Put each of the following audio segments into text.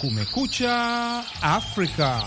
Kumekucha Afrika.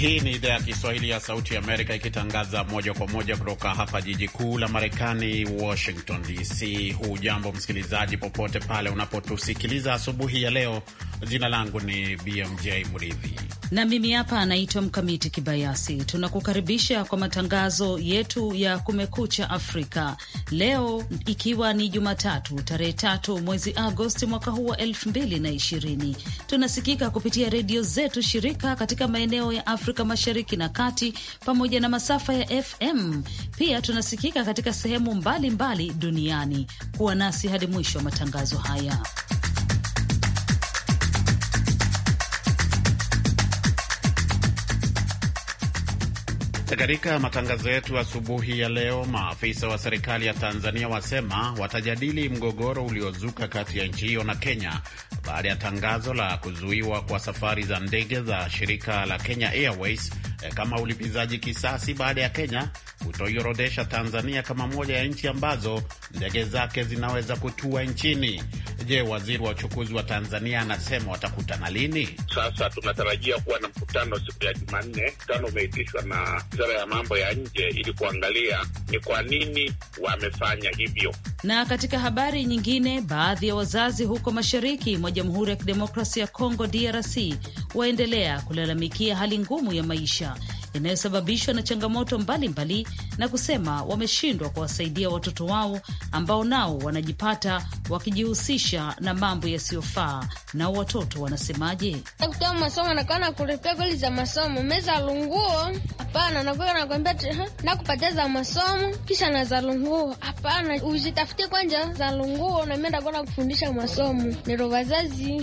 Hii ni idhaa ya Kiswahili ya Sauti ya Amerika ikitangaza moja kwa moja kutoka hapa jiji kuu la Marekani, Washington DC. Hujambo msikilizaji, popote pale unapotusikiliza asubuhi ya leo. Jina langu ni BMJ Mridhi na mimi hapa anaitwa Mkamiti Kibayasi. Tunakukaribisha kwa matangazo yetu ya Kumekucha Afrika leo, ikiwa ni Jumatatu tarehe tatu mwezi Agosti mwaka huu wa elfu mbili na ishirini. Tunasikika kupitia redio zetu shirika katika maeneo ya Afrika Afrika Mashariki na Kati pamoja na masafa ya FM. Pia tunasikika katika sehemu mbalimbali mbali duniani. Kuwa nasi hadi mwisho wa matangazo haya. Katika matangazo yetu asubuhi ya leo, maafisa wa serikali ya Tanzania wasema watajadili mgogoro uliozuka kati ya nchi hiyo na Kenya baada ya tangazo la kuzuiwa kwa safari za ndege za shirika la Kenya Airways eh, kama ulipizaji kisasi baada ya Kenya kutoiorodhesha Tanzania kama moja ya nchi ambazo ndege zake zinaweza kutua nchini. Je, waziri wa uchukuzi wa Tanzania anasema watakutana lini? Sasa tunatarajia kuwa na mkutano siku ya Jumanne. Mkutano umeitishwa na wizara ya mambo ya nje ili kuangalia ni kwa nini wamefanya hivyo. Na katika habari nyingine, baadhi ya wazazi huko mashariki mwa Jamhuri ya Kidemokrasia ya Kongo, DRC, waendelea kulalamikia hali ngumu ya maisha inayosababishwa na changamoto mbalimbali mbali, na kusema wameshindwa kuwasaidia watoto wao ambao nao wanajipata wakijihusisha na mambo yasiyofaa. Nao watoto wanasemaje? masomo za masomo hapana, nakuwa nakwambia masomo kisha na hapana, kwanja masomo nero wazazi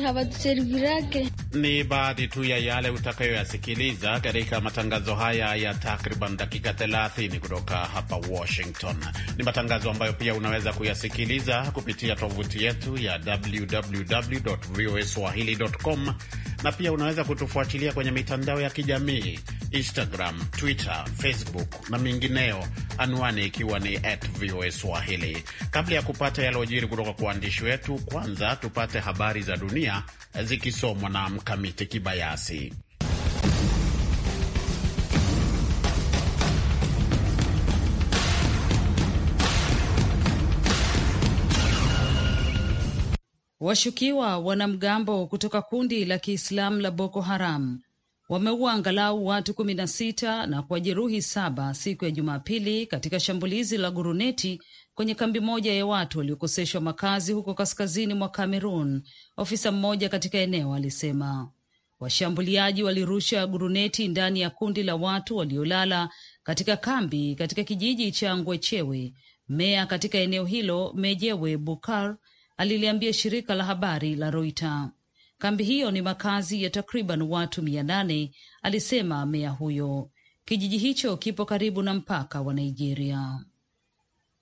Ni baadhi tu ya yale utakayoyasikiliza katika matangazo haya ya takriban dakika 30 kutoka hapa Washington. Ni matangazo ambayo pia unaweza kuyasikiliza kupitia tovuti yetu ya www voa na pia unaweza kutufuatilia kwenye mitandao ya kijamii Instagram, Twitter, Facebook na mingineo, anwani ikiwa ni at voa swahili. Kabla ya kupata yalojiri kutoka kwa waandishi wetu, kwanza tupate habari za dunia zikisomwa na Mkamiti Kibayasi. Washukiwa wanamgambo kutoka kundi la Kiislamu la Boko Haram wameua angalau watu kumi na sita na kuwajeruhi saba siku ya Jumapili katika shambulizi la guruneti kwenye kambi moja ya watu waliokoseshwa makazi huko kaskazini mwa Kamerun. Ofisa mmoja katika eneo alisema washambuliaji walirusha guruneti ndani ya kundi la watu waliolala katika kambi katika kijiji cha Ngwechewe. Meya katika eneo hilo Mejewe Bukar aliliambia shirika la habari la Roita. Kambi hiyo ni makazi ya takriban watu mia nane, alisema meya huyo. Kijiji hicho kipo karibu na mpaka wa Nigeria.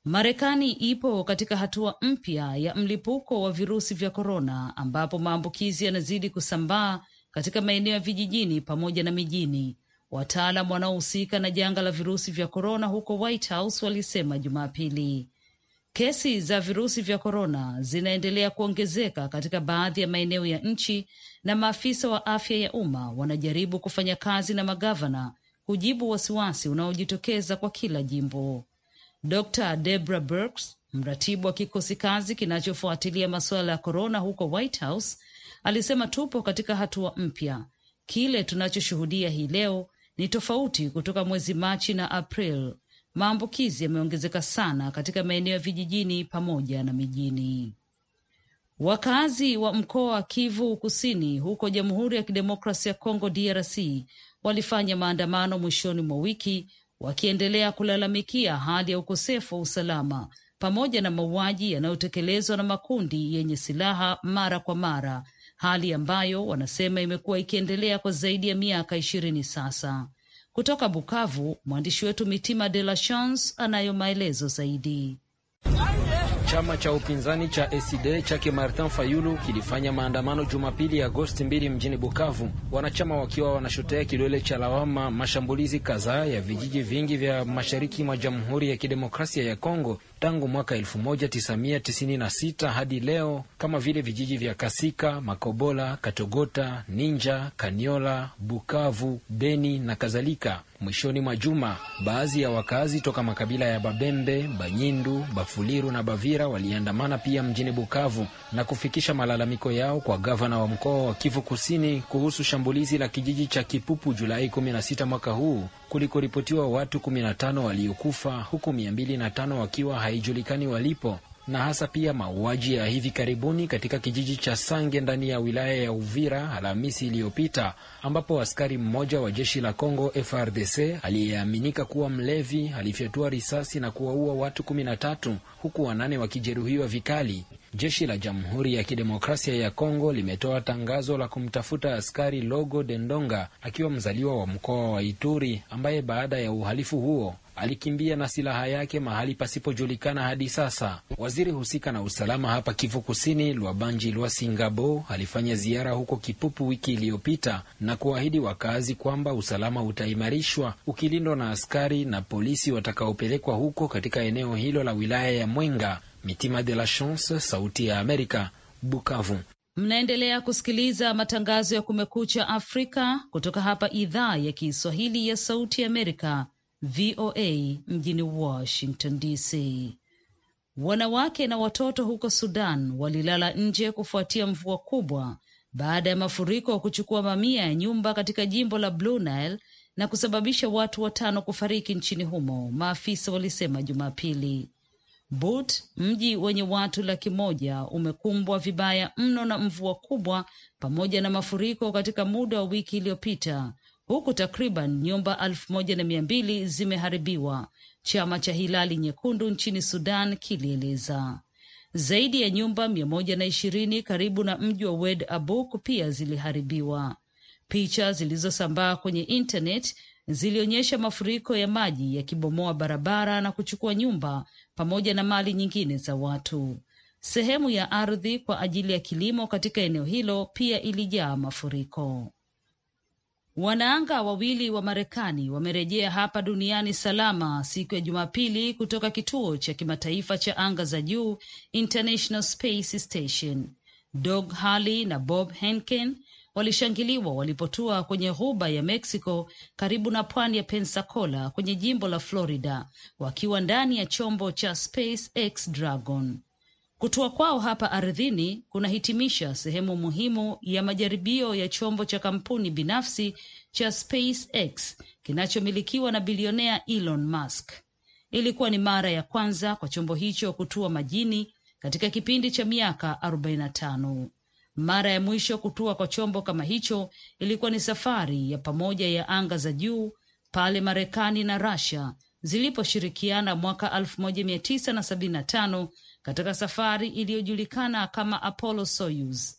Marekani ipo katika hatua mpya ya mlipuko wa virusi vya korona, ambapo maambukizi yanazidi kusambaa katika maeneo ya vijijini pamoja na mijini. Wataalam wanaohusika na janga la virusi vya korona huko White House walisema Jumapili Kesi za virusi vya korona zinaendelea kuongezeka katika baadhi ya maeneo ya nchi na maafisa wa afya ya umma wanajaribu kufanya kazi na magavana kujibu wasiwasi unaojitokeza kwa kila jimbo. Dr Debra Burks, mratibu wa kikosi kazi kinachofuatilia masuala ya korona huko White House, alisema tupo katika hatua mpya. Kile tunachoshuhudia hii leo ni tofauti kutoka mwezi Machi na April Maambukizi yameongezeka sana katika maeneo ya vijijini pamoja na mijini. Wakazi wa mkoa wa Kivu Kusini huko Jamhuri ya Kidemokrasi ya Kongo DRC walifanya maandamano mwishoni mwa wiki wakiendelea kulalamikia hali ya ukosefu wa usalama pamoja na mauaji yanayotekelezwa na makundi yenye silaha mara kwa mara, hali ambayo wanasema imekuwa ikiendelea kwa zaidi ya miaka ishirini sasa. Kutoka Bukavu, mwandishi wetu Mitima De La Chance anayo maelezo zaidi. Chama cha upinzani cha ACD chake Martin Fayulu kilifanya maandamano Jumapili Agosti mbili mjini Bukavu, wanachama wakiwa wanashotea kidole cha lawama mashambulizi kadhaa ya vijiji vingi vya mashariki mwa Jamhuri ya Kidemokrasia ya Kongo tangu mwaka 1996 hadi leo kama vile vijiji vya Kasika, Makobola, Katogota, Ninja, Kaniola, Bukavu, Beni na kadhalika. Mwishoni mwa juma, baadhi ya wakazi toka makabila ya Babembe, Banyindu, Bafuliru na Bavira waliandamana pia mjini Bukavu na kufikisha malalamiko yao kwa gavana wa mkoa wa Kivu Kusini kuhusu shambulizi la kijiji cha Kipupu Julai 16 mwaka huu kulikoripotiwa watu 15 waliokufa huku 205 wakiwa haijulikani walipo na hasa pia mauaji ya hivi karibuni katika kijiji cha Sange ndani ya wilaya ya Uvira Alhamisi iliyopita, ambapo askari mmoja wa jeshi la Congo FRDC aliyeaminika kuwa mlevi alifyatua risasi na kuwaua watu kumi na tatu huku wanane wakijeruhiwa vikali. Jeshi la Jamhuri ya Kidemokrasia ya Kongo limetoa tangazo la kumtafuta askari Logo Dendonga akiwa mzaliwa wa mkoa wa Ituri ambaye baada ya uhalifu huo alikimbia na silaha yake mahali pasipojulikana hadi sasa. Waziri husika na usalama hapa Kivu Kusini, Lwabanji singabo alifanya ziara huko Kipupu wiki iliyopita na kuahidi wakazi kwamba usalama utaimarishwa ukilindwa na askari na polisi watakaopelekwa huko katika eneo hilo la wilaya ya Mwenga. Mitima de la Chance, Sauti ya Amerika, Bukavu. Mnaendelea kusikiliza matangazo ya Kumekucha Afrika kutoka hapa idhaa ya Kiswahili ya Sauti ya Amerika VOA mjini Washington DC. Wanawake na watoto huko Sudan walilala nje kufuatia mvua kubwa baada ya mafuriko kuchukua mamia ya nyumba katika jimbo la Blue Nile na kusababisha watu watano kufariki nchini humo, maafisa walisema Jumapili. But, mji wenye watu laki moja, umekumbwa vibaya mno na mvua kubwa pamoja na mafuriko katika muda wa wiki iliyopita, huku takriban nyumba elfu moja na mia mbili zimeharibiwa, chama cha Hilali Nyekundu nchini Sudan kilieleza. Zaidi ya nyumba mia moja na ishirini karibu na mji wa Wed Abuk pia ziliharibiwa. Picha zilizosambaa kwenye intanet zilionyesha mafuriko ya maji yakibomoa barabara na kuchukua nyumba pamoja na mali nyingine za watu. Sehemu ya ardhi kwa ajili ya kilimo katika eneo hilo pia ilijaa mafuriko. Wanaanga wawili wa Marekani wamerejea hapa duniani salama siku ya Jumapili kutoka kituo cha kimataifa cha anga za juu International Space Station. Dog Harley na Bob Henken walishangiliwa walipotua kwenye ghuba ya Mexico karibu na pwani ya Pensacola kwenye jimbo la Florida, wakiwa ndani ya chombo cha SpaceX Dragon. Kutua kwao hapa ardhini kunahitimisha sehemu muhimu ya majaribio ya chombo cha kampuni binafsi cha SpaceX kinachomilikiwa na bilionea Elon Musk. Ilikuwa ni mara ya kwanza kwa chombo hicho kutua majini katika kipindi cha miaka 45. Mara ya mwisho kutua kwa chombo kama hicho ilikuwa ni safari ya pamoja ya anga za juu pale Marekani na Russia ziliposhirikiana mwaka 1975 katika safari iliyojulikana kama Apollo Soyuz.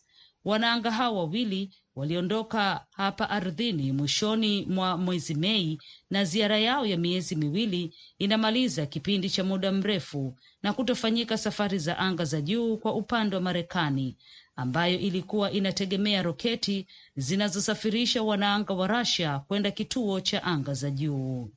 Wanaanga hao wawili waliondoka hapa ardhini mwishoni mwa mwezi Mei, na ziara yao ya miezi miwili inamaliza kipindi cha muda mrefu na kutofanyika safari za anga za juu kwa upande wa Marekani, ambayo ilikuwa inategemea roketi zinazosafirisha wanaanga wa Russia kwenda kituo cha anga za juu.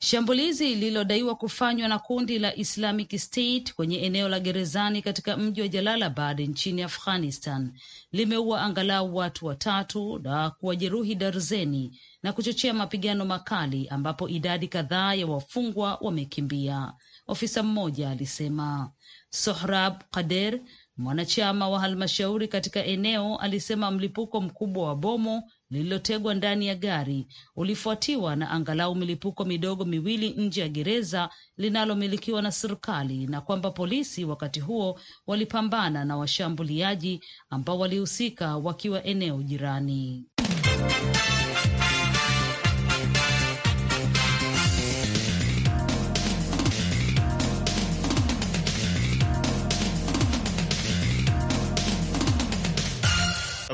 Shambulizi lililodaiwa kufanywa na kundi la Islamic State kwenye eneo la gerezani katika mji wa Jalalabad nchini Afghanistan limeua angalau watu watatu na kuwajeruhi darzeni na kuchochea mapigano makali ambapo idadi kadhaa ya wafungwa wamekimbia, ofisa mmoja alisema. Sohrab Qader, mwanachama wa halmashauri katika eneo, alisema mlipuko mkubwa wa bomu lililotegwa ndani ya gari ulifuatiwa na angalau milipuko midogo miwili nje ya gereza linalomilikiwa na serikali na kwamba polisi wakati huo walipambana na washambuliaji ambao walihusika wakiwa eneo jirani.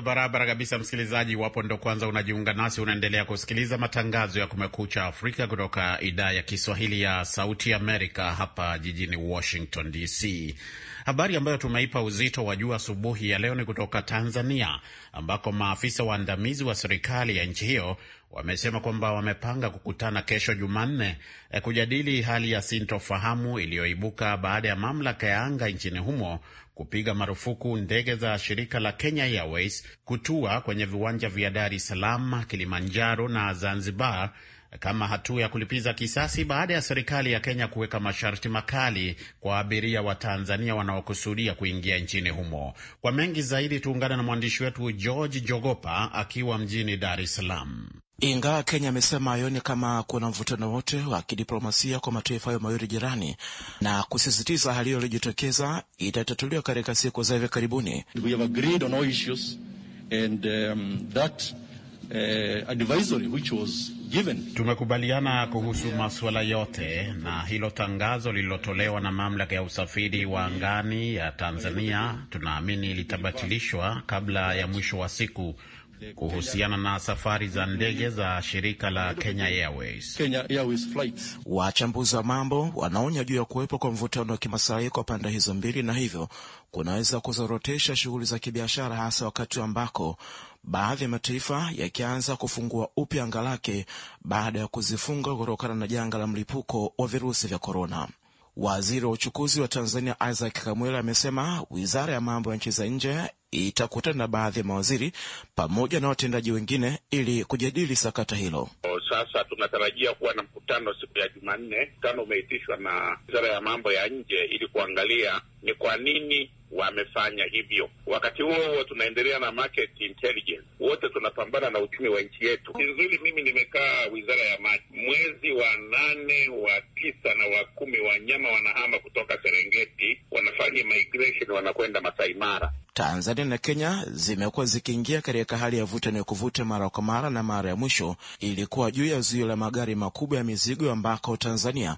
barabara kabisa, msikilizaji. Iwapo ndo kwanza unajiunga nasi, unaendelea kusikiliza matangazo ya Kumekucha Afrika kutoka idhaa ya Kiswahili ya Sauti Amerika, hapa jijini Washington DC. Habari ambayo tumeipa uzito wa juu asubuhi ya leo ni kutoka Tanzania, ambako maafisa waandamizi wa serikali ya nchi hiyo wamesema kwamba wamepanga kukutana kesho Jumanne eh, kujadili hali ya sintofahamu iliyoibuka baada ya mamlaka ya anga nchini humo kupiga marufuku ndege za shirika la Kenya Airways kutua kwenye viwanja vya Dar es Salaam, Kilimanjaro na Zanzibar kama hatua ya kulipiza kisasi baada ya serikali ya Kenya kuweka masharti makali kwa abiria wa Tanzania wanaokusudia kuingia nchini humo. Kwa mengi zaidi, tuungana na mwandishi wetu George Jogopa akiwa mjini Dar es Salaam. Ingawa Kenya amesema hayoni kama kuna mvutano wote wa kidiplomasia kwa mataifa hayo mawili jirani, na kusisitiza hali hiyo iliyojitokeza itatatuliwa katika siku za hivi karibuni. We have agreed on all issues and, um, that Uh, advisory which was given. Tumekubaliana kuhusu masuala yote na hilo tangazo lililotolewa na mamlaka ya usafiri wa angani ya Tanzania tunaamini litabatilishwa kabla ya mwisho wa siku kuhusiana na safari za ndege za shirika la Kenya Airways. Kenya Airways flights. Wachambuzi wa mambo wanaonya juu ya kuwepo kwa mvutano wa kimasai kwa pande hizo mbili, na hivyo kunaweza kuzorotesha shughuli za kibiashara hasa wakati ambako baadhi ya mataifa yakianza kufungua upya anga lake baada ya kuzifunga kutokana na janga la mlipuko wa virusi vya korona. Waziri wa uchukuzi wa Tanzania Isaac Kamwela amesema wizara ya mambo ya nchi za nje itakutana na baadhi ya mawaziri pamoja na watendaji wengine ili kujadili sakata hilo. Sasa tunatarajia kuwa na mkutano siku ya Jumanne. Mkutano umeitishwa na wizara ya mambo ya nje ili kuangalia ni kwa nini wamefanya hivyo. Wakati huo huo, tunaendelea na market intelligence, wote tunapambana na uchumi wa nchi yetu. Kizuri, mimi nimekaa wizara ya maji mwezi wa nane, wa tisa na wa kumi, wanyama wanahama kutoka Serengeti, wanafanya migration, wanakwenda Masai Mara. Tanzania na Kenya zimekuwa zikiingia katika hali ya vuta ni kuvuta mara kwa mara, na mara ya mwisho ilikuwa juu ya zuio la magari makubwa ya mizigo ambako Tanzania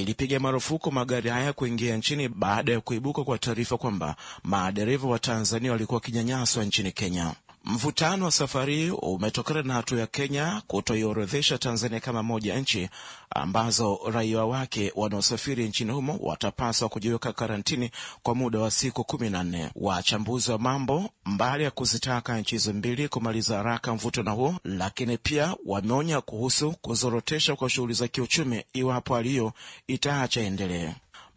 ilipiga marufuku magari haya kuingia nchini baada ya kuibuka kwa taarifa kwamba madereva wa Tanzania walikuwa wakinyanyaswa nchini Kenya. Mvutano wa safari umetokana na hatua ya Kenya kutoiorodhesha Tanzania kama moja ya nchi ambazo raia wake wanaosafiri nchini humo watapaswa kujiweka karantini kwa muda wa siku kumi na nne. Wachambuzi wa mambo, mbali ya kuzitaka nchi hizo mbili kumaliza haraka mvutano huo, lakini pia wameonya kuhusu kuzorotesha kwa shughuli za kiuchumi iwapo hali hiyo itaacha endelee.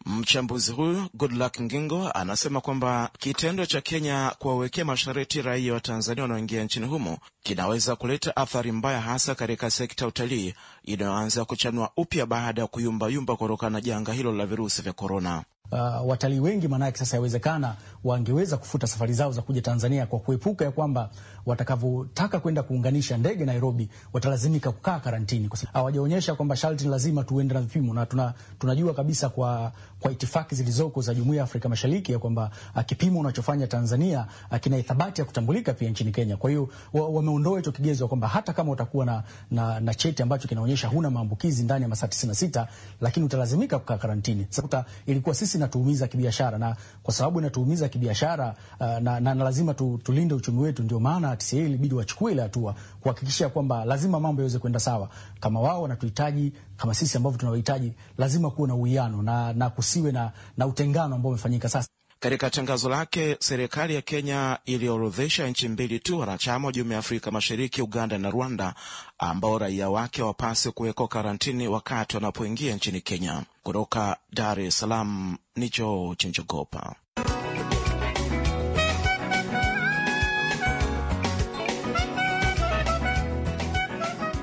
Mchambuzi huyu Goodluck Ngingo anasema kwamba kitendo cha Kenya kuwawekea masharti raia wa Tanzania wanaoingia nchini humo kinaweza kuleta athari mbaya, hasa katika sekta ya utalii inayoanza kuchanua upya baada ya kuyumbayumba kutokana na janga hilo la virusi vya korona. Uh, watalii wengi maanake sasa yawezekana wangeweza kufuta safari zao za kuja Tanzania kwa kuepuka ya kwamba watakavyotaka kwenda kuunganisha ndege Nairobi watalazimika kukaa karantini, kwa sababu hawajaonyesha kwamba sharti lazima tuende na vipimo, na tuna, tunajua kabisa kwa kwa itifaki zilizoko za Jumuiya ya Afrika Mashariki ya kwamba ah, kipimo unachofanya Tanzania ah, kina ithabati ya kutambulika pia nchini Kenya. Kwa hiyo wameondoa hicho kigezo ya kwamba hata kama utakuwa na, na, na cheti ambacho kinaonyesha huna maambukizi ndani ya masaa 96 lakini utalazimika kukaa karantini. Sasa ilikuwa sisi natuumiza kibiashara na kwa sababu inatuumiza kibiashara uh, na, na, na lazima tu, tulinde uchumi wetu, ndio maana TCCIA ilibidi wachukue ile hatua kuhakikisha kwamba lazima mambo yaweze kwenda sawa kama wao wanatuhitaji kama sisi ambavyo tunawahitaji, lazima kuwe na uwiano na, na kusiwe na, na utengano ambao umefanyika sasa. Katika tangazo lake, serikali ya Kenya iliorodhesha nchi mbili tu wanachama wa jumuiya ya Afrika Mashariki, Uganda na Rwanda, ambao raia wake wapase kuwekwa karantini wakati wanapoingia nchini Kenya. Kutoka Dar es Salaam ni George Njogopa.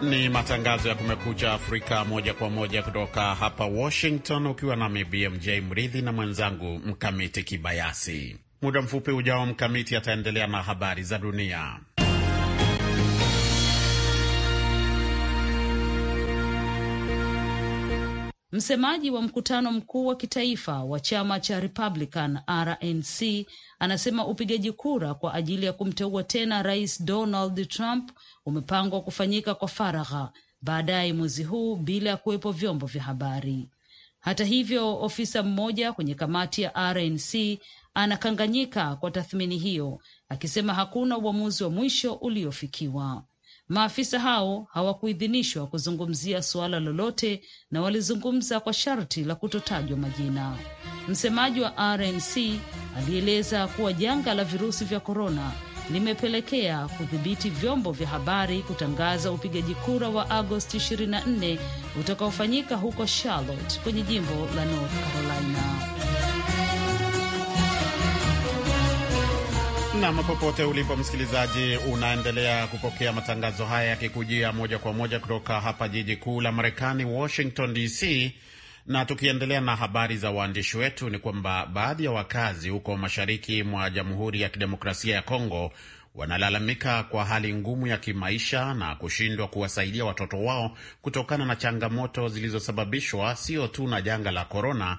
Ni matangazo ya Kumekucha Afrika moja kwa moja kutoka hapa Washington, ukiwa nami BMJ Mridhi na mwenzangu Mkamiti Kibayasi. Muda mfupi ujao, Mkamiti ataendelea na habari za dunia. Msemaji wa mkutano mkuu wa kitaifa wa chama cha Republican RNC anasema upigaji kura kwa ajili ya kumteua tena Rais Donald Trump umepangwa kufanyika kwa faragha baadaye mwezi huu bila ya kuwepo vyombo vya habari. Hata hivyo, ofisa mmoja kwenye kamati ya RNC anakanganyika kwa tathmini hiyo, akisema hakuna uamuzi wa mwisho uliofikiwa. Maafisa hao hawakuidhinishwa kuzungumzia suala lolote na walizungumza kwa sharti la kutotajwa majina. Msemaji wa RNC alieleza kuwa janga la virusi vya korona limepelekea kudhibiti vyombo vya habari kutangaza upigaji kura wa Agosti 24 utakaofanyika huko Charlotte kwenye jimbo la North Carolina. Nam, popote ulipo msikilizaji, unaendelea kupokea matangazo haya yakikujia moja kwa moja kutoka hapa jiji kuu la Marekani, Washington DC na tukiendelea na habari za waandishi wetu ni kwamba baadhi ya wakazi huko mashariki mwa Jamhuri ya Kidemokrasia ya Kongo wanalalamika kwa hali ngumu ya kimaisha na kushindwa kuwasaidia watoto wao kutokana na changamoto zilizosababishwa sio tu na janga la korona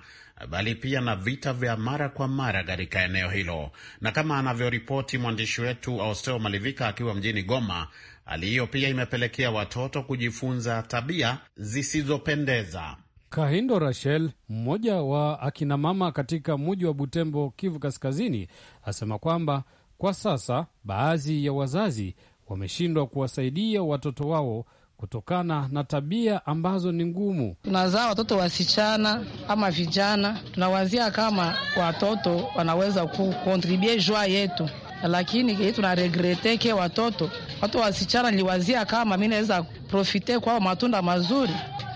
bali pia na vita vya mara kwa mara katika eneo hilo. Na kama anavyoripoti mwandishi wetu Austeo Malivika akiwa mjini Goma, hali hiyo pia imepelekea watoto kujifunza tabia zisizopendeza Kahindo Rachel, mmoja wa akinamama katika muji wa Butembo, Kivu Kaskazini, asema kwamba kwa sasa baadhi ya wazazi wameshindwa kuwasaidia watoto wao kutokana na tabia ambazo ni ngumu. Tunazaa watoto wasichana ama vijana, tunawazia kama watoto wanaweza kukontribue jua yetu lakini ke tuna regrete ke watoto watu wasichana, niliwazia kama mi naweza profite kwao matunda mazuri,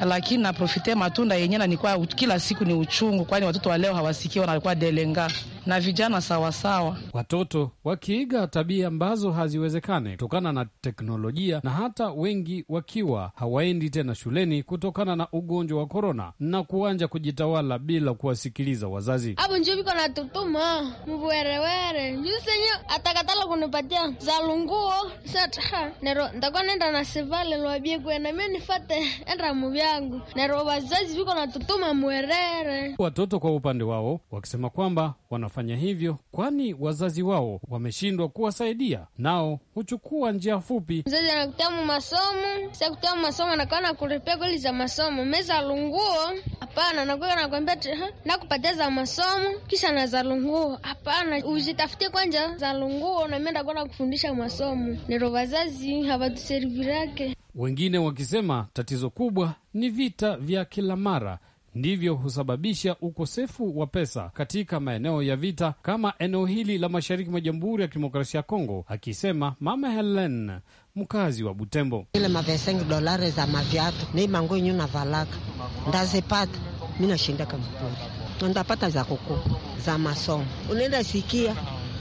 lakini naprofite matunda yenyewe na kila siku ni uchungu, kwani watoto wa leo hawasikii wanakuwa delenga na vijana sawasawa, watoto wakiiga tabia ambazo haziwezekani kutokana na teknolojia, na hata wengi wakiwa hawaendi tena shuleni kutokana na ugonjwa wa korona na kuanja kujitawala bila kuwasikiliza wazazi. Hapo njo viko natutuma mvuwerewere mvuerewere atakatala kunipatia za lunguo sata nero ntakuwa nenda na sivale lwabie kwena mie nifate enda muvyangu nero wazazi viko natutuma mwerere. Watoto kwa upande wao wakisema kwamba wanafa wanafanya hivyo, kwani wazazi wao wameshindwa kuwasaidia, nao huchukua njia fupi. Mzazi anakutamu masomo, sakutamu masomo, anakaa na kuripia kweli za masomo, meza lunguo hapana, nakuwa nakwambia nakupatia za masomo, kisha na za lunguo hapana, uzitafutie kwanja za lunguo, nami na kufundisha masomo. Nero wazazi hawatuservirake. Wengine wakisema tatizo kubwa ni vita vya kila mara ndivyo husababisha ukosefu wa pesa katika maeneo ya vita kama eneo hili la mashariki mwa Jamhuri ya Kidemokrasia ya Kongo, akisema Mama Helen mkazi wa Butembo. ile mavesengi dolare za maviatu ni mango yenyu valaka ndazipata minashindaka mpuri ndapata za kuku za masomo unaenda sikia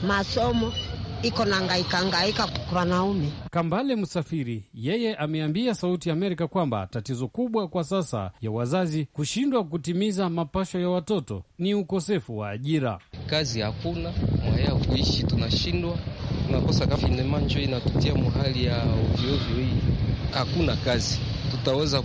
masomo iko na ngaika ngaika kwa wanaume. Kambale Msafiri yeye ameambia Sauti ya Amerika kwamba tatizo kubwa kwa sasa ya wazazi kushindwa kutimiza mapasho ya watoto ni ukosefu wa ajira. Kazi hakuna, mwaya kuishi tunashindwa, tunakosa kafinemanjo, inatutia muhali ya ovyoovyo. Hii hakuna kazi tutaweza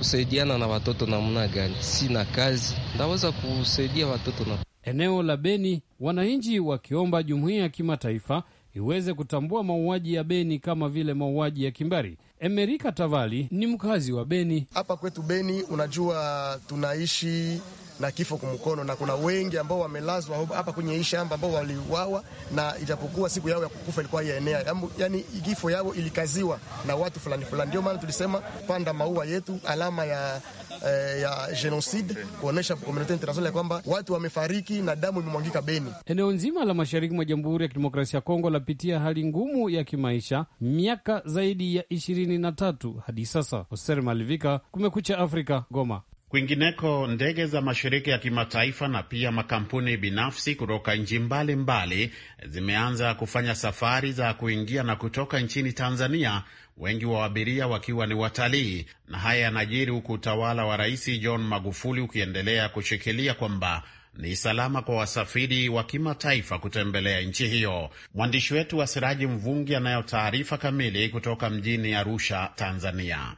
kusaidiana na watoto namna gani? Sina kazi, ntaweza kusaidia watoto na eneo la Beni, wananchi wakiomba jumuiya ya kimataifa iweze kutambua mauaji ya Beni kama vile mauaji ya kimbari. Emerika Tavali ni mkazi wa Beni. Hapa kwetu Beni, unajua tunaishi na kifo kumkono, na kuna wengi ambao wamelazwa hapa kwenye hii shamba ambao waliuawa, na ijapokuwa siku yao ya kukufa ilikuwa ya enea, yani kifo yao ilikaziwa na watu fulani fulani. Ndio maana tulisema panda maua yetu, alama ya eh, ya genocide, kuonesha community international kwamba watu wamefariki na damu imemwangika Beni. Eneo nzima la mashariki mwa Jamhuri ya Kidemokrasia ya Kongo lapitia hali ngumu ya kimaisha miaka zaidi ya ishirini na tatu hadi sasa. Hoser Malivika, Kumekucha Afrika, Goma. Kwingineko, ndege za mashirika ya kimataifa na pia makampuni binafsi kutoka nchi mbalimbali zimeanza kufanya safari za kuingia na kutoka nchini Tanzania, wengi wa abiria wakiwa ni watalii. Na haya yanajiri huku utawala wa Rais John Magufuli ukiendelea kushikilia kwamba ni salama kwa wasafiri wa kimataifa kutembelea nchi hiyo. Mwandishi wetu wa Siraji Mvungi anayo taarifa kamili kutoka mjini Arusha, Tanzania.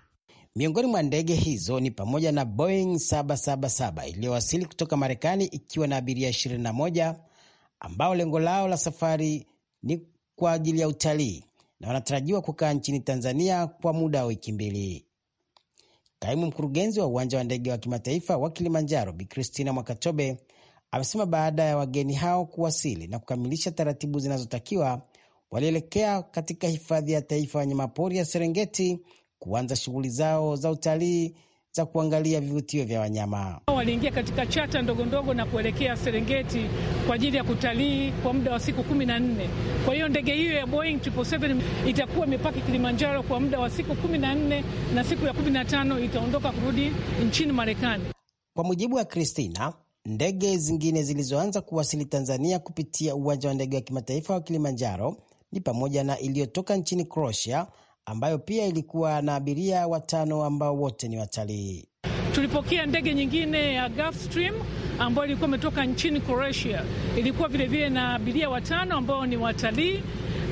Miongoni mwa ndege hizo ni pamoja na Boeing 777 iliyowasili kutoka Marekani ikiwa na abiria 21 ambao lengo lao la safari ni kwa ajili ya utalii na wanatarajiwa kukaa nchini Tanzania kwa muda wa wiki mbili. Kaimu mkurugenzi wa uwanja wa ndege wa kimataifa wa Kilimanjaro Bi Christina Mwakatobe amesema baada ya wageni hao kuwasili na kukamilisha taratibu zinazotakiwa, walielekea katika hifadhi ya taifa ya wanyamapori ya Serengeti kuanza shughuli zao za utalii za kuangalia vivutio vya wanyama. Waliingia katika chata ndogo ndogo na kuelekea Serengeti kwa ajili ya kutalii kwa muda wa siku kumi na nne. Kwa hiyo ndege hiyo ya Boeing 777 itakuwa imepaki Kilimanjaro kwa muda wa siku kumi na nne na siku ya kumi na tano itaondoka kurudi nchini Marekani. Kwa mujibu wa Christina, ndege zingine zilizoanza kuwasili Tanzania kupitia uwanja wa ndege wa kimataifa wa Kilimanjaro ni pamoja na iliyotoka nchini Croatia ambayo pia ilikuwa na abiria watano ambao wote ni watalii. Tulipokea ndege nyingine ya Gulfstream ambayo ilikuwa imetoka nchini Croatia, ilikuwa vilevile na abiria watano ambao ni watalii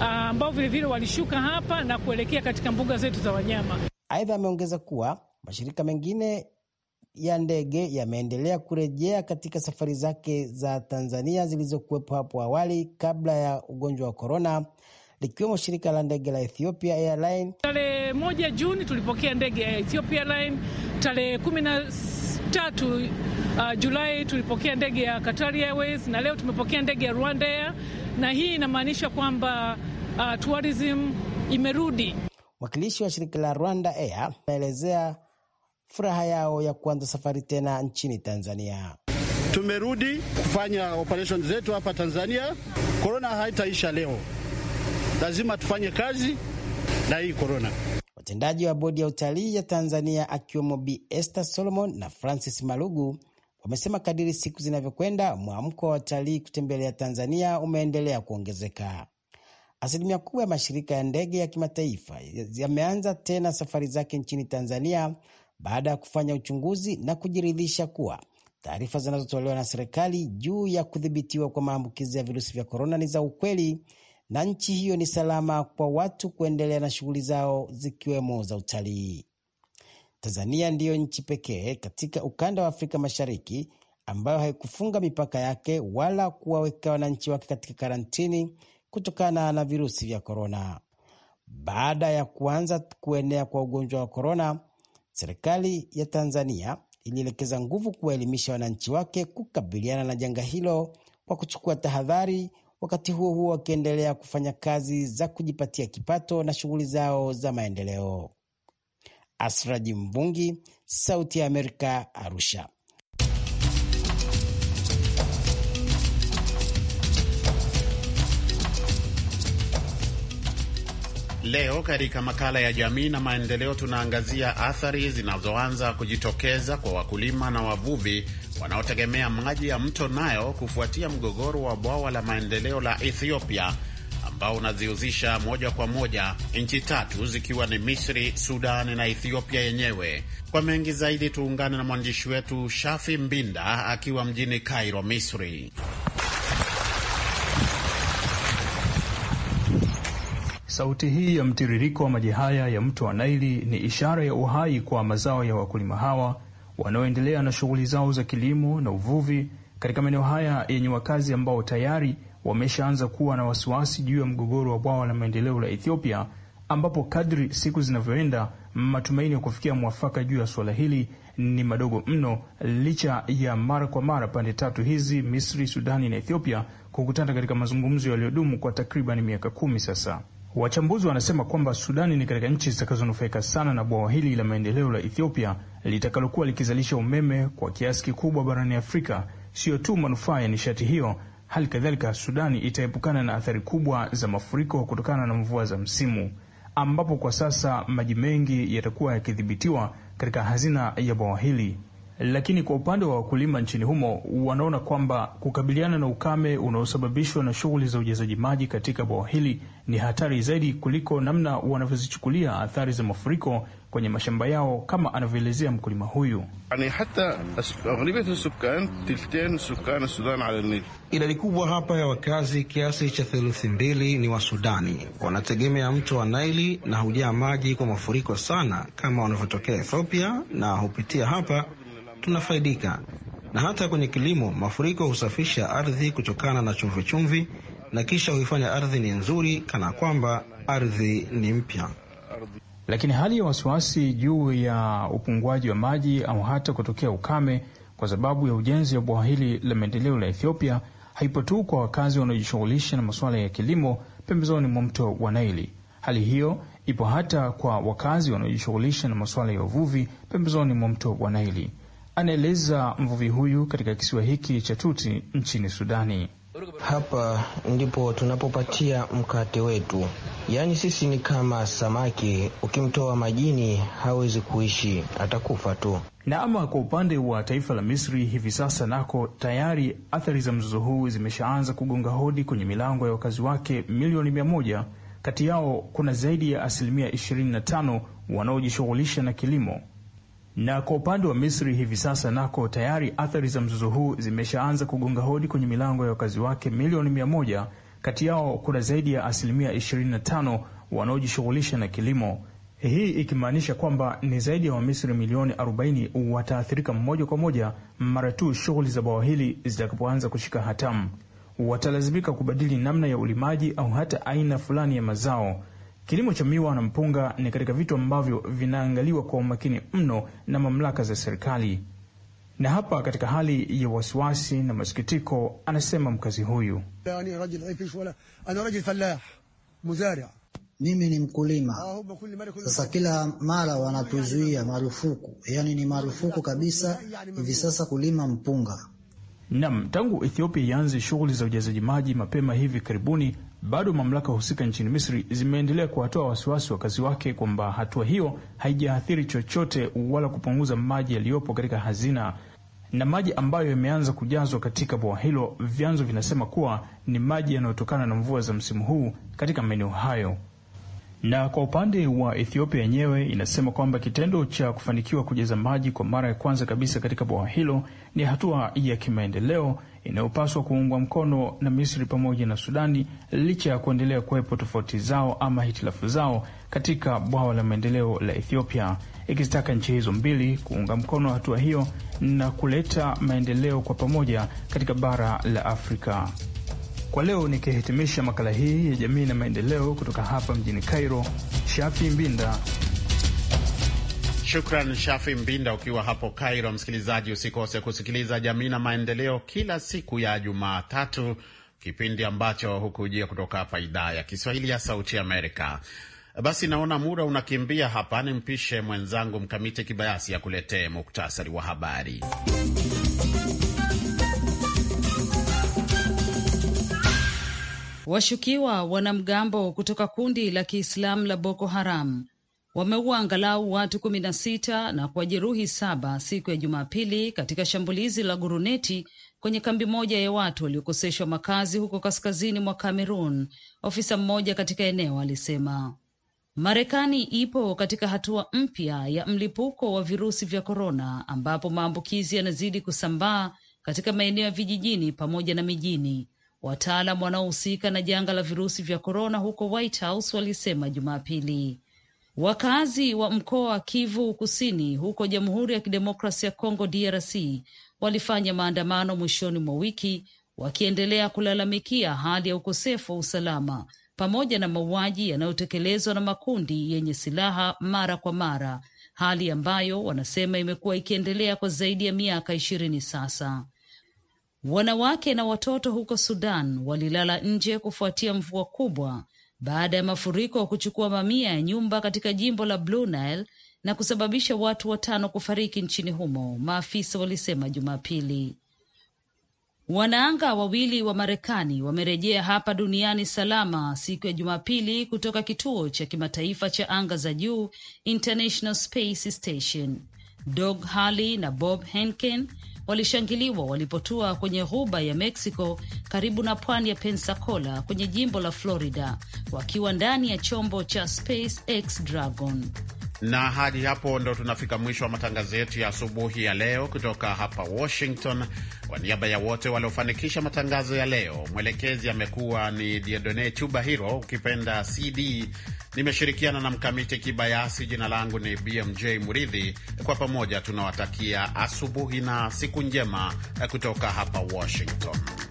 ah, ambao vilevile walishuka hapa na kuelekea katika mbuga zetu za wanyama. Aidha, ameongeza kuwa mashirika mengine ya ndege yameendelea kurejea katika safari zake za Tanzania zilizokuwepo hapo awali kabla ya ugonjwa wa korona, likiwemo shirika la ndege la Ethiopia Airline. Tarehe moja Juni tulipokea ndege ya Ethiopia Airline. Tarehe kumi na tatu uh, Julai tulipokea ndege ya Qatar Airways na leo tumepokea ndege ya Rwanda Air, na hii inamaanisha kwamba uh, tourism imerudi. Mwakilishi wa shirika la Rwanda Air anaelezea furaha yao ya kuanza safari tena nchini Tanzania. Tumerudi kufanya operation zetu hapa Tanzania. Korona haitaisha leo lazima tufanye kazi na hii korona. Watendaji wa bodi ya utalii ya Tanzania akiwemo Bi Esther Solomon na Francis Malugu wamesema kadiri siku zinavyokwenda mwamko wa watalii kutembelea Tanzania umeendelea kuongezeka. Asilimia kubwa ya mashirika ya ndege ya kimataifa yameanza tena safari zake nchini Tanzania baada ya kufanya uchunguzi na kujiridhisha kuwa taarifa zinazotolewa na serikali juu ya kudhibitiwa kwa maambukizi ya virusi vya korona ni za ukweli na nchi hiyo ni salama kwa watu kuendelea na shughuli zao zikiwemo za utalii. Tanzania ndiyo nchi pekee katika ukanda wa Afrika Mashariki ambayo haikufunga mipaka yake wala kuwaweka wananchi wake katika karantini kutokana na virusi vya korona. Baada ya kuanza kuenea kwa ugonjwa wa korona, serikali ya Tanzania ilielekeza nguvu kuwaelimisha wananchi wake kukabiliana na janga hilo kwa kuchukua tahadhari wakati huo huo wakiendelea kufanya kazi za kujipatia kipato na shughuli zao za maendeleo. Asraji Mvungi, Sauti ya Amerika, Arusha. Leo katika makala ya jamii na maendeleo tunaangazia athari zinazoanza kujitokeza kwa wakulima na wavuvi wanaotegemea maji ya mto Nayo kufuatia mgogoro wa bwawa la maendeleo la Ethiopia ambao unazihusisha moja kwa moja nchi tatu zikiwa ni Misri, Sudani na Ethiopia yenyewe. Kwa mengi zaidi tuungane na mwandishi wetu Shafi Mbinda akiwa mjini Kairo, Misri. Sauti hii ya mtiririko wa maji haya ya mto wa Naili ni ishara ya uhai kwa mazao ya wakulima hawa wanaoendelea na shughuli zao za kilimo na uvuvi katika maeneo haya yenye wakazi ambao tayari wameshaanza kuwa na wasiwasi juu ya mgogoro wa bwawa la maendeleo la Ethiopia, ambapo kadri siku zinavyoenda matumaini ya kufikia mwafaka juu ya suala hili ni madogo mno, licha ya mara kwa mara pande tatu hizi, Misri, Sudani na Ethiopia, kukutana katika mazungumzo yaliyodumu kwa takriban miaka kumi sasa. Wachambuzi wanasema kwamba Sudani ni katika nchi zitakazonufaika sana na bwawa hili la maendeleo la Ethiopia litakalokuwa likizalisha umeme kwa kiasi kikubwa barani Afrika. Siyo tu manufaa ya nishati hiyo, hali kadhalika Sudani itaepukana na athari kubwa za mafuriko kutokana na mvua za msimu, ambapo kwa sasa maji mengi yatakuwa yakidhibitiwa katika hazina ya bwawa hili lakini kwa upande wa wakulima nchini humo wanaona kwamba kukabiliana na ukame unaosababishwa na shughuli za ujazaji maji katika bwawa hili ni hatari zaidi kuliko namna wanavyozichukulia athari za mafuriko kwenye mashamba yao, kama anavyoelezea mkulima huyu. Yaani Idadi kubwa hapa ya wakazi, kiasi cha theluthi mbili, ni wa Sudani, wanategemea mto wa Naili na hujaa maji kwa mafuriko sana, kama wanavyotokea Ethiopia na hupitia hapa tunafaidika. Na hata kwenye kilimo, mafuriko husafisha ardhi kutokana na chumvichumvi chumvi, na kisha huifanya ardhi ni nzuri kana kwamba ardhi ni mpya. Lakini hali ya wasiwasi juu ya upunguaji wa maji au hata kutokea ukame kwa sababu ya ujenzi wa bwawa hili la maendeleo la Ethiopia haipo tu kwa wakazi wanaojishughulisha na masuala ya kilimo pembezoni mwa mto wa Naili. Hali hiyo ipo hata kwa wakazi wanaojishughulisha na masuala ya uvuvi pembezoni mwa mto wa Naili anaeleza mvuvi huyu katika kisiwa hiki cha Tuti nchini Sudani. Hapa ndipo tunapopatia mkate wetu, yaani sisi ni kama samaki, ukimtoa majini hawezi kuishi, atakufa tu. Na ama kwa upande wa taifa la Misri, hivi sasa nako tayari athari za mzozo huu zimeshaanza kugonga hodi kwenye milango ya wakazi wake milioni mia moja. Kati yao kuna zaidi ya asilimia 25 wanaojishughulisha na kilimo na kwa upande wa Misri hivi sasa nako tayari athari za mzozo huu zimeshaanza kugonga hodi kwenye milango ya wakazi wake milioni mia moja. Kati yao kuna zaidi ya asilimia 25 wanaojishughulisha na kilimo, hii ikimaanisha kwamba ni zaidi ya Wamisri milioni 40 wataathirika moja kwa moja mara tu shughuli za bwawa hili zitakapoanza kushika hatamu. Watalazimika kubadili namna ya ulimaji au hata aina fulani ya mazao Kilimo cha miwa na mpunga ni katika vitu ambavyo vinaangaliwa kwa umakini mno na mamlaka za serikali. Na hapa katika hali ya wasiwasi na masikitiko, anasema mkazi huyu, yaani mimi ni mkulima. Sasa kila mara wanatuzuia, marufuku, yani ni marufuku kabisa hivi sasa kulima mpunga. Nam, tangu Ethiopia ianze shughuli za ujazaji maji mapema hivi karibuni bado mamlaka husika nchini Misri zimeendelea kuwatoa wasiwasi wakazi wake kwamba hatua hiyo haijaathiri chochote wala kupunguza maji yaliyopo katika hazina na maji ambayo yameanza kujazwa katika bwawa hilo. Vyanzo vinasema kuwa ni maji yanayotokana na mvua za msimu huu katika maeneo hayo. Na kwa upande wa Ethiopia yenyewe inasema kwamba kitendo cha kufanikiwa kujaza maji kwa mara ya kwanza kabisa katika bwawa hilo ni hatua ya kimaendeleo inayopaswa kuungwa mkono na Misri pamoja na Sudani licha ya kuendelea kuwepo tofauti zao ama hitilafu zao katika bwawa la maendeleo la Ethiopia, ikizitaka nchi hizo mbili kuunga mkono hatua hiyo na kuleta maendeleo kwa pamoja katika bara la Afrika. Kwa leo nikihitimisha makala hii ya jamii na maendeleo kutoka hapa mjini Cairo, Shafi Mbinda. Shukran Shafi Mbinda, ukiwa hapo Cairo. Msikilizaji, usikose kusikiliza jamii na maendeleo kila siku ya Jumatatu, kipindi ambacho hukujia kutoka hapa idhaa ya Kiswahili ya Sauti Amerika. Basi naona muda unakimbia hapa, nimpishe mwenzangu Mkamiti Kibayasi akuletee muktasari wa habari. Washukiwa wanamgambo kutoka kundi la Kiislamu la Boko Haram wameua angalau watu kumi na sita na kuwajeruhi saba siku ya Jumapili katika shambulizi la guruneti kwenye kambi moja ya watu waliokoseshwa makazi huko kaskazini mwa Kamerun, ofisa mmoja katika eneo alisema. Marekani ipo katika hatua mpya ya mlipuko wa virusi vya korona, ambapo maambukizi yanazidi kusambaa katika maeneo ya vijijini pamoja na mijini, wataalam wanaohusika na janga la virusi vya korona huko White House walisema Jumapili. Wakazi wa mkoa wa Kivu Kusini huko Jamhuri ya kidemokrasi ya congo DRC walifanya maandamano mwishoni mwa wiki wakiendelea kulalamikia hali ya ukosefu wa usalama pamoja na mauaji yanayotekelezwa na makundi yenye silaha mara kwa mara, hali ambayo wanasema imekuwa ikiendelea kwa zaidi ya miaka ishirini sasa. Wanawake na watoto huko Sudan walilala nje kufuatia mvua kubwa baada ya mafuriko kuchukua mamia ya nyumba katika jimbo la Blue Nile na kusababisha watu watano kufariki nchini humo, maafisa walisema Jumapili. Wanaanga wawili wa Marekani wamerejea hapa duniani salama siku ya Jumapili kutoka kituo cha kimataifa cha anga za juu International Space Station. Doug Hurley na Bob Henken walishangiliwa walipotua kwenye ghuba ya Mexico karibu na pwani ya Pensacola kwenye jimbo la Florida wakiwa ndani ya chombo cha SpaceX Dragon. Na hadi hapo ndo tunafika mwisho wa matangazo yetu ya asubuhi ya leo kutoka hapa Washington. Kwa niaba ya wote waliofanikisha matangazo ya leo, mwelekezi amekuwa ni Diedone Chuba Hiro, ukipenda CD. Nimeshirikiana na Mkamiti Kibayasi. Jina langu ni BMJ Muridhi. Kwa pamoja tunawatakia asubuhi na siku njema kutoka hapa Washington.